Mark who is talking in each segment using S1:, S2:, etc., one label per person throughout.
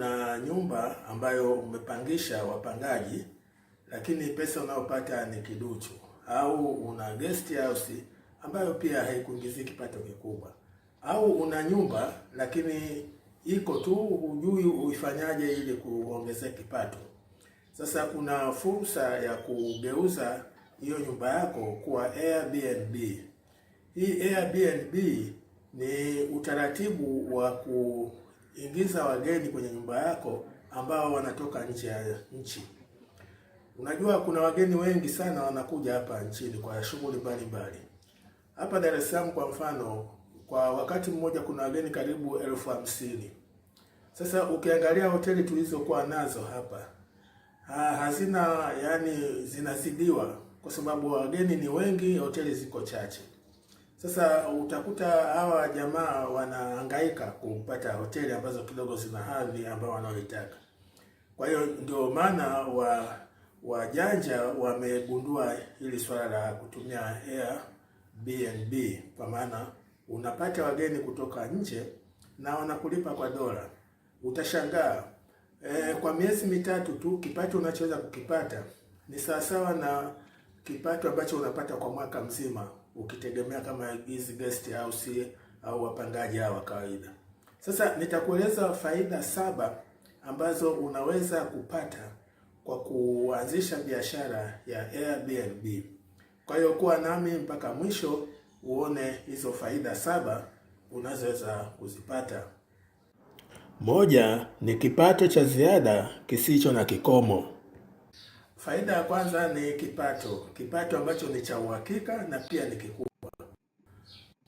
S1: kuna nyumba ambayo umepangisha wapangaji, lakini pesa unayopata ni kiduchu, au una guest house ambayo pia haikuingizii kipato kikubwa, au una nyumba lakini iko tu hujui uifanyaje ili kuongezea kipato. Sasa kuna fursa ya kugeuza hiyo nyumba yako kuwa Airbnb. Hii Airbnb ni utaratibu wa ku ingiza wageni kwenye nyumba yako ambao wanatoka nje ya nchi. Unajua kuna wageni wengi sana wanakuja hapa nchini kwa shughuli mbalimbali. Hapa Dar es Salaam kwa mfano, kwa wakati mmoja kuna wageni karibu elfu hamsini. Sasa ukiangalia hoteli tulizokuwa nazo hapa ha, hazina yani zinazidiwa kwa sababu wageni ni wengi, hoteli ziko chache. Sasa utakuta hawa jamaa wanahangaika kupata hoteli ambazo kidogo zina hadhi ambao wanaoitaka. Kwa hiyo ndio maana wa wajanja wamegundua hili swala la kutumia Airbnb, kwa maana unapata wageni kutoka nje na wanakulipa kwa dola. Utashangaa e, kwa miezi mitatu tu kipato unachoweza kukipata ni sawasawa na kipato ambacho unapata kwa mwaka mzima ukitegemea kama hizi guest house au wapangaji hao wa kawaida. Sasa nitakueleza faida saba ambazo unaweza kupata kwa kuanzisha biashara ya Airbnb. Kwa hiyo kuwa nami mpaka mwisho uone hizo faida saba unazoweza kuzipata.
S2: Moja ni kipato cha ziada kisicho na kikomo.
S1: Faida ya kwanza ni kipato, kipato ambacho ni cha uhakika na pia ni kikubwa.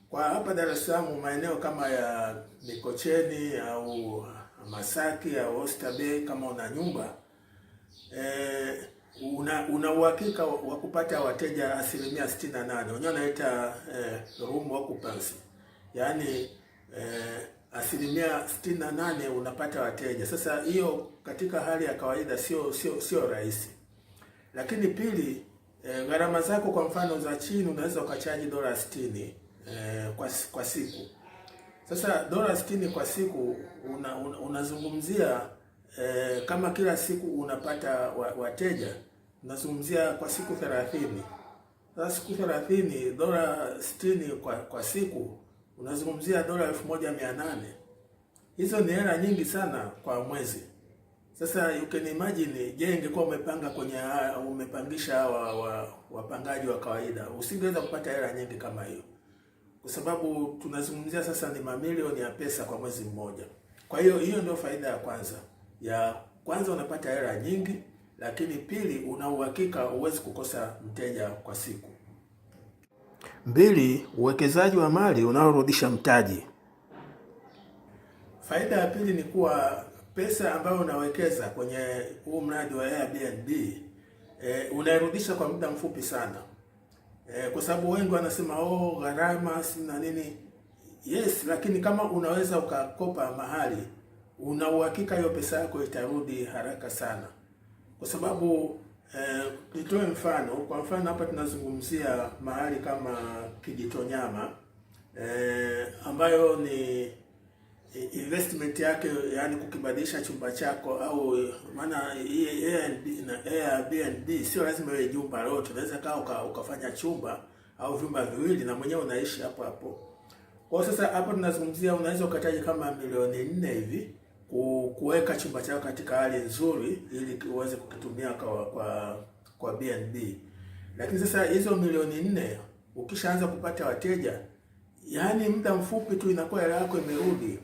S1: Kwa hapa Dar es Salaam, maeneo kama ya Mikocheni au Masaki au Bay, kama una nyumba e, una una uhakika wa kupata wateja asilimia sitini na wenyewe wanaita e, room occupancy, yaani e, asilimia sitini nane unapata wateja. Sasa hiyo katika hali ya kawaida sio sio sio rahisi. Lakini pili, e, gharama zako kwa mfano za chini unaweza ukachaji dola 60 e, eh, kwa, kwa siku. Sasa dola 60 kwa siku una, una, unazungumzia e, kama kila siku unapata wateja unazungumzia kwa siku 30. Sasa siku 30 dola 60 kwa, kwa siku unazungumzia dola 1800. Hizo ni hela nyingi sana kwa mwezi. Sasa you can imagine, je, ingekuwa umepanga kwenye uh, umepangisha hawa wa, wapangaji wa kawaida usingeweza kupata hela nyingi kama hiyo, kwa sababu tunazungumzia sasa ni mamilioni ya pesa kwa mwezi mmoja. Kwa hiyo hiyo ndio faida ya kwanza ya kwanza, unapata hela nyingi, lakini pili, una uhakika huwezi kukosa mteja kwa siku.
S2: Mbili, uwekezaji wa mali unaorudisha mtaji.
S1: Faida ya pili ni kuwa pesa ambayo unawekeza kwenye huu mradi wa Airbnb e, unairudisha kwa muda mfupi sana e, kwa sababu wengi wanasema oh, gharama si na nini. Yes, lakini kama unaweza ukakopa mahali, una uhakika hiyo pesa yako itarudi haraka sana, kwa sababu e, nitoe mfano. Kwa mfano hapa tunazungumzia mahali kama Kijitonyama e, ambayo ni investment yake, yani kukibadilisha chumba chako au maana hii Airbnb na Airbnb sio lazima iwe jumba lote, unaweza kaa uka, ukafanya chumba au vyumba viwili na mwenyewe unaishi hapo hapo. Kwa sasa hapo tunazungumzia unaweza ukataji kama milioni nne hivi kuweka chumba chako katika hali nzuri ili uweze kukitumia kwa kwa, kwa BNB. Lakini sasa hizo milioni nne ukishaanza kupata wateja, yani muda mfupi tu inakuwa hela yako imerudi.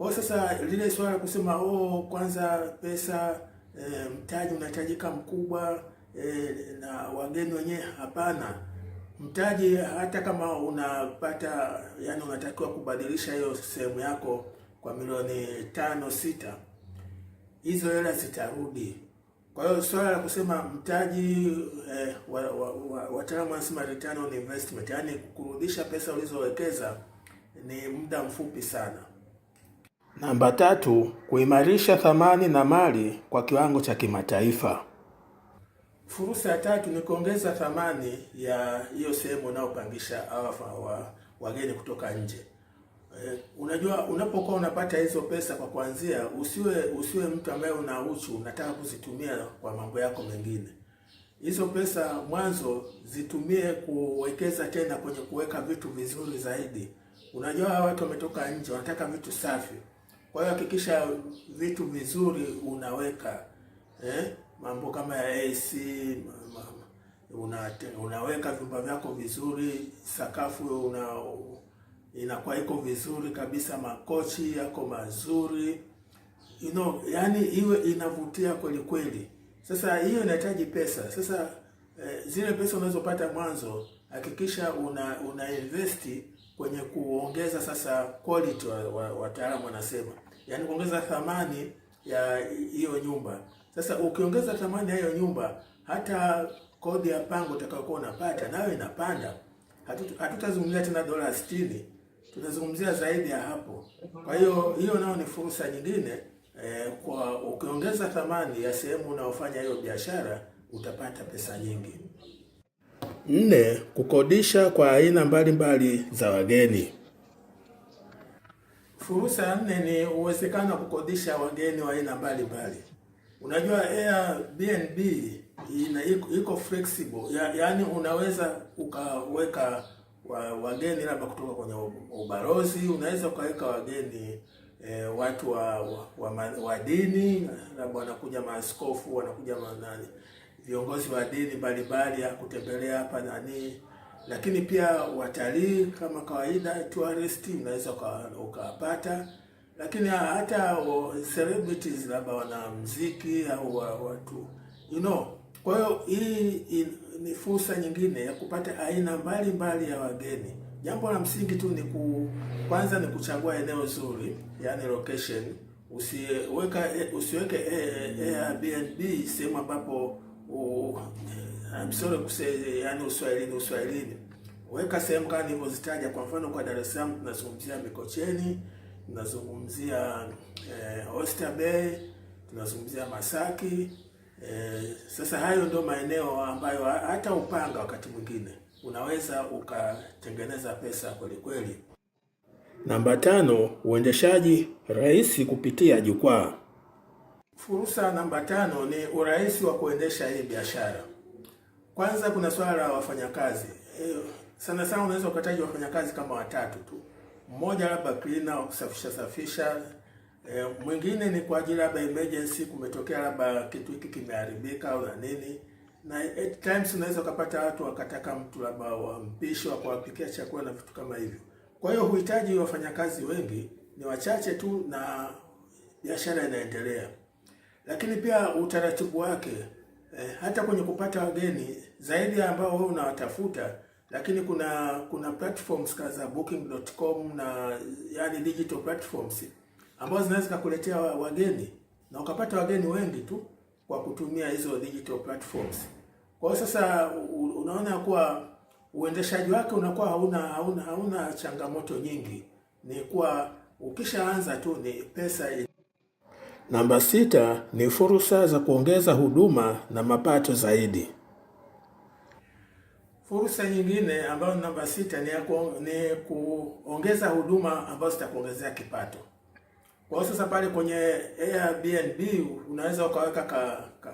S1: Kwa sasa lile swala kusema oh, kwanza pesa e, mtaji unahitajika mkubwa e, na wageni wenyewe, hapana. Mtaji hata kama unapata yani, unatakiwa kubadilisha hiyo sehemu yako kwa milioni tano sita, hizo hela zitarudi. Kwa hiyo swala la kusema mtaji e, wataalamu wanasema return on investment, yani kurudisha pesa ulizowekeza ni muda mfupi sana.
S2: Namba tatu, kuimarisha thamani na mali kwa kiwango cha kimataifa.
S1: Fursa ya tatu ni kuongeza thamani ya hiyo sehemu unayopangisha wa wageni kutoka nje. Eh, unajua unapokuwa unapata hizo pesa kwa kuanzia, usiwe usiwe mtu ambaye una uchu unataka kuzitumia kwa mambo yako mengine. Hizo pesa mwanzo zitumie kuwekeza tena kwenye kuweka vitu vizuri zaidi. Unajua hawa watu wametoka nje wanataka vitu safi. Kwa hiyo hakikisha vitu vizuri unaweka eh, mambo kama ya AC una, unaweka vyumba vyako vizuri, sakafu una inakuwa iko vizuri kabisa, makochi yako mazuri you know, yani iwe inavutia kweli kweli. Sasa hiyo inahitaji pesa. Sasa eh, zile pesa unazopata mwanzo hakikisha una, una investi kwenye kuongeza sasa quality, wataalamu wa wanasema, yaani kuongeza thamani ya hiyo nyumba. Sasa ukiongeza thamani ya hiyo nyumba, hata kodi ya pango utakayokuwa unapata nayo inapanda. Hatutazungumzia tena dola 60, tunazungumzia zaidi ya hapo. Kwa hiyo hiyo nayo ni fursa nyingine eh, kwa ukiongeza thamani ya sehemu unayofanya hiyo biashara utapata pesa nyingi.
S2: Nne, kukodisha kwa aina mbalimbali za wageni.
S1: Fursa ya nne ni uwezekano wa kukodisha wageni wa aina mbalimbali. Unajua Airbnb ina iko flexible ya, yaani unaweza ukaweka wa, wageni labda kutoka kwenye ubalozi, unaweza ukaweka wageni e, watu wa wa, wa, wa dini labda wanakuja maaskofu wanakuja manani viongozi wa dini mbalimbali kutembelea hapa nani lakini pia watalii kama kawaida, tourist unaweza ukawapata, lakini hata celebrities labda mziki au watu you know. Kwa hiyo hii ni fursa nyingine ya kupata aina mbalimbali mbali ya wageni. Jambo la msingi tu ni ku, kwanza ni kuchagua eneo zuri, yani location. Usiweka, usiweke Airbnb sehemu ambapo Oh, I'm sorry kusema, yani uswahilini uswahilini, weka sehemu kama nilivyozitaja. Kwa mfano kwa Dar es Salaam tunazungumzia Mikocheni, tunazungumzia eh, Oyster Bay, tunazungumzia Masaki. Eh, sasa hayo ndio maeneo ambayo hata Upanga wakati mwingine unaweza ukatengeneza pesa kweli kweli.
S2: Namba tano, uendeshaji rahisi kupitia jukwaa.
S1: Fursa namba tano ni urahisi wa kuendesha hii biashara. Kwanza kuna swala la wafanyakazi. E, sana sana unaweza ukataja wafanyakazi kama watatu tu, mmoja labda cleaner wa kusafisha safisha e, mwingine ni kwa ajili labda emergency, kumetokea labda kitu hiki kimeharibika au na nini, na at times unaweza ukapata watu wakataka mtu labda wampishi wa kuwapikia chakula na vitu kama hivyo. Kwa hiyo huhitaji wafanyakazi wengi, ni wachache tu na biashara inaendelea lakini pia utaratibu wake eh, hata kwenye kupata wageni zaidi ambao wewe unawatafuta, lakini kuna kuna platforms kaza booking.com na yani digital platforms ambazo zinaweza kukuletea wageni na ukapata wageni wengi tu kwa kutumia hizo digital platforms. Kwa hiyo sasa unaona kuwa uendeshaji wake unakuwa hauna hauna hauna changamoto nyingi, ni kuwa ukishaanza tu ni pesa
S2: Namba sita ni fursa za kuongeza huduma na mapato zaidi.
S1: Fursa nyingine ambayo namba sita ni, ku, ni kuongeza huduma ambazo zitakuongezea kipato. Kwa hiyo sasa pale kwenye Airbnb unaweza ukaweka ka, ka,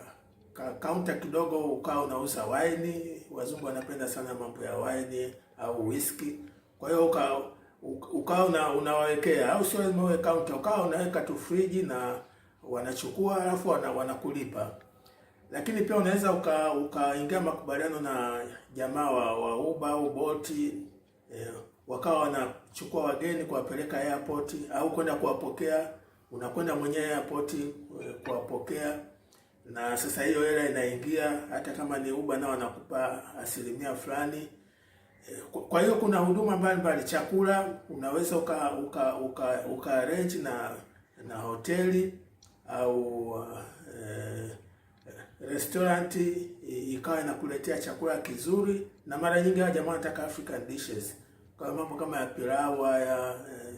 S1: ka kaunta kidogo ukawa unauza waini. Wazungu wanapenda sana mambo ya waini au whisky. Kwa hiyo ukawa uka, uka unawawekea au sio, kaunta ukawa unaweka tu friji na wanachukua alafu wanakulipa. Lakini pia unaweza ukaingia uka makubaliano na jamaa wa, wa Uber au Bolt eh, wakawa wanachukua wageni kuwapeleka airport au kwenda kuwapokea. Unakwenda mwenyewe airport eh, kuwapokea, na sasa hiyo hela inaingia, hata kama ni Uber nao wanakupa asilimia fulani. Eh, kwa hiyo kuna huduma mbalimbali, chakula unaweza uka uka uka, uka arrange na na hoteli au eh, eh restauranti ikawa inakuletea chakula kizuri, na mara nyingi hawa jamaa wanataka African dishes, kwa mambo kama ya pilau haya eh,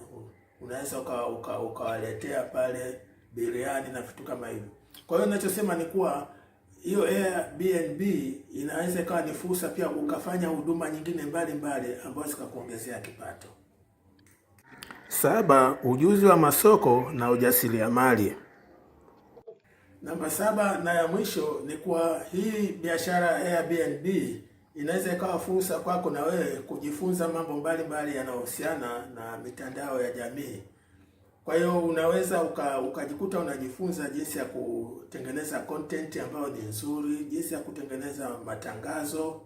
S1: unaweza ukawaletea uka, uka pale biriani na vitu kama hivyo. Kwa hiyo ninachosema ni kuwa hiyo Airbnb inaweza ikawa ni fursa pia ukafanya huduma nyingine mbalimbali ambazo zikakuongezea kipato.
S2: Saba, ujuzi wa masoko na ujasiriamali.
S1: Namba saba na ya mwisho ni kuwa hii biashara Airbnb inaweza ikawa fursa kwako na wewe kujifunza mambo mbalimbali yanayohusiana na mitandao ya jamii. Kwa hiyo unaweza uka, ukajikuta unajifunza jinsi ya kutengeneza content ambayo ni nzuri, jinsi ya kutengeneza matangazo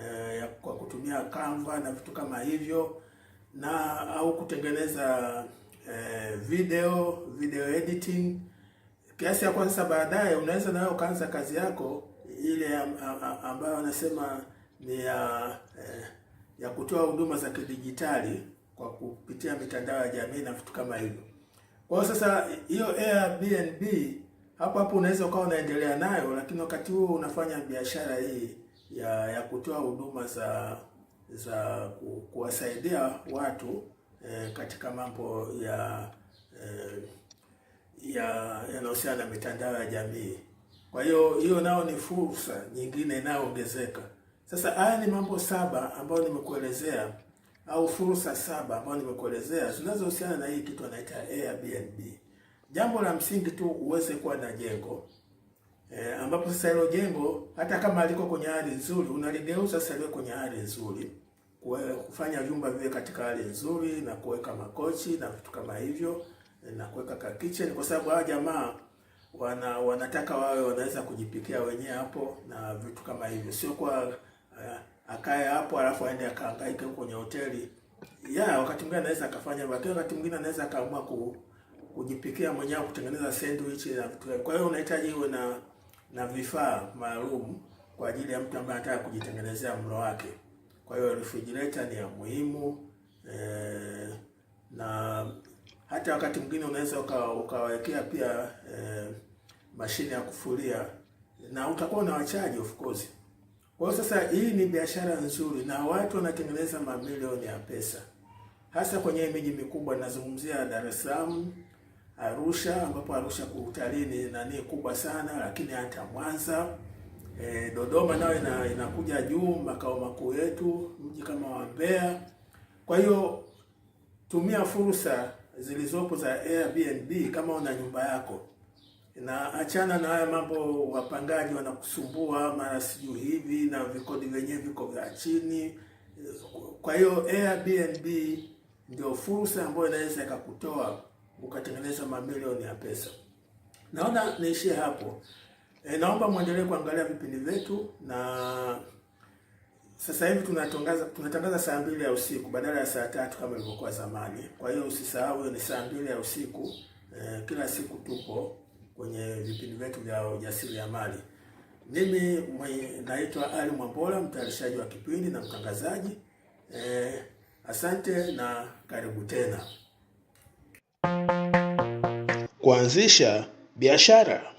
S1: eh, kwa kutumia Canva na vitu kama hivyo na au kutengeneza eh, video video editing kiasi ya kwanza, baadaye unaweza nawe ukaanza kazi yako ile ambayo wanasema ni ya eh, ya kutoa huduma za kidijitali kwa kupitia mitandao ya jamii na vitu kama hivyo. Kwa hiyo sasa, hiyo Airbnb hapo hapo unaweza ukawa unaendelea nayo, lakini wakati huo unafanya biashara hii ya ya kutoa huduma za za ku, kuwasaidia watu eh, katika mambo ya eh, ya yanahusiana na mitandao ya jamii. Kwa hiyo hiyo nao ni fursa nyingine inayoongezeka. Sasa haya ni mambo saba ambayo nimekuelezea au fursa saba ambayo nimekuelezea zinazohusiana na hii kitu anaita Airbnb. Jambo la msingi tu uweze kuwa na jengo e, ambapo sasa hilo jengo hata kama liko kwenye hali nzuri unaligeuza sasa liwe kwenye hali nzuri, kufanya vyumba viwe katika hali nzuri na kuweka makochi na vitu kama hivyo, na kuweka ka kitchen, kwa sababu hao jamaa wana wanataka wawe wanaweza kujipikia wenyewe hapo na vitu kama hivyo, sio kwa uh, akae hapo alafu aende akahangaike huko kwenye hoteli ya yeah, wakati mwingine anaweza akafanya, lakini wakati mwingine anaweza akaamua ku, kujipikia mwenyewe kutengeneza sandwich na vitu. Kwa hiyo unahitaji iwe na na vifaa maalum kwa ajili ya mtu ambaye anataka kujitengenezea mlo wake. Kwa hiyo refrigerator ni ya muhimu eh, na hata wakati mwingine unaweza ukawawekea pia eh, mashine ya kufulia na utakuwa na wachaji of course. Kwa hiyo sasa hii ni biashara nzuri na watu wanatengeneza mamilioni ya pesa, hasa kwenye miji mikubwa. Nazungumzia Dar es Salaam, Arusha, ambapo Arusha utalii ni nani kubwa sana, lakini hata Mwanza e, Dodoma nayo ina, inakuja juu, makao makuu yetu, mji kama wa Mbeya. Kwa hiyo tumia fursa zilizopo za Airbnb kama una nyumba yako, na achana na haya mambo wapangaji wanakusumbua mara sijui hivi, na vikodi vyenyewe viko vya chini. Kwa hiyo Airbnb ndio fursa ambayo inaweza ikakutoa ukatengeneza mamilioni ya pesa. Naona niishie hapo. E, naomba mwendelee kuangalia vipindi vyetu na sasa hivi tunatangaza tunatangaza saa mbili ya usiku badala ya saa tatu kama ilivyokuwa zamani. Kwa hiyo usisahau ni saa mbili ya usiku eh, kila siku tupo kwenye vipindi vyetu vya ujasiriamali. Mimi naitwa Ali Mwambola, mtayarishaji wa kipindi na mtangazaji eh, asante na karibu tena.
S2: Kuanzisha biashara